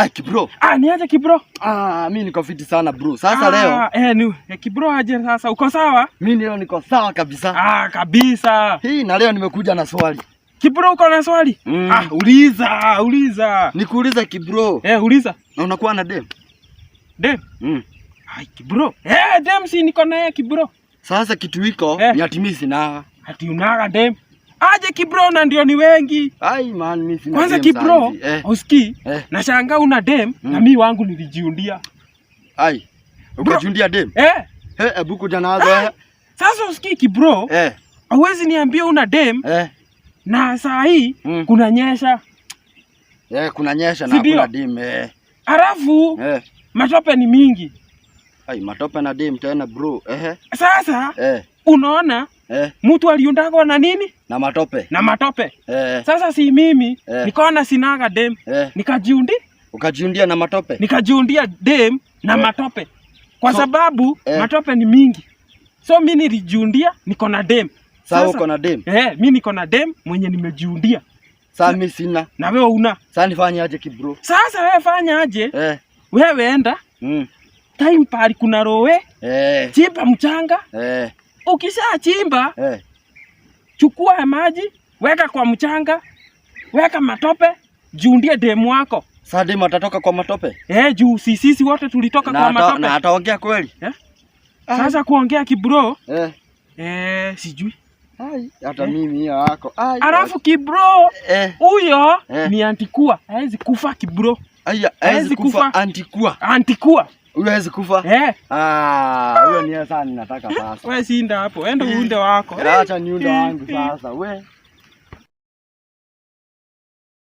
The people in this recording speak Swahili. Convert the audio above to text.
Ah, kibro. Ah, ni aje kibro? Ah, mimi niko fiti sana bro. Sasa ah, leo. Ah, Eh, ni eh, kibro aje sasa uko sawa? Mimi leo niko sawa kabisa. Ah, kabisa. Hii na leo nimekuja na swali. Kibro uko na swali? Mm. Ah, uliza, uliza. Nikuuliza kibro. Eh, uliza. Na unakuwa na dem? Dem? Mm. Ai, kibro. Eh, dem si niko na yeye kibro. Sasa kitu hiko eh, ni atimizi na. Ati unaga dem aje kibro na ndio ni wengi. Ai man, mimi sina kwanza kibro eh. Usiki eh. Na shanga una dem mm. Na mimi wangu nilijiundia. Ai ukajiundia dem eh eh, jana hapo janaza sasa. usiki kibro eh, hauwezi niambia una dem eh, na saa hii mm. kuna nyesha eh, kuna nyesha na kuna dem eh, halafu eh. matope ni mingi. Ai matope na dem tena bro eh, sasa eh. unaona eh. Mtu aliundagwa na nini? Na matope. Na matope. Eh. Sasa si mimi eh. Nikaona sinaga dem eh. Nikajiundi. Ukajiundia na matope. Nikajiundia dem na eh. matope. Kwa so, sababu eh. matope ni mingi. So mimi nilijiundia niko na dem. Sasa uko na dem? Eh, mimi niko na dem mwenye nimejiundia. Sasa mimi sina. Na wewe una. Sasa nifanye aje kibro? Sasa wewe fanya aje? Eh. Wewe enda. Mm. Time pali kuna rowe. Eh. chipa mchanga. Eh ukishachimba hey, eh. chukua ya maji weka kwa mchanga, weka matope, jiundie demu wako. Sasa demu atatoka kwa matope eh? Juu sisi wote tulitoka na kwa ato, matope na ataongea kweli eh? Ah. Sasa kuongea kibro eh, eh sijui ai hata eh, mimi yako. ai alafu kibro huyo eh, eh, ni antikua, haezi kufa kibro. haezi kufa, kufa antikua. Antikua. Huyo hawezi kufa. Eh? Ah, huyo ni sasa ninataka sasa. Wewe sinda hapo. Enda eh. uunde wako. Acha niunde eh. wangu sasa. Wewe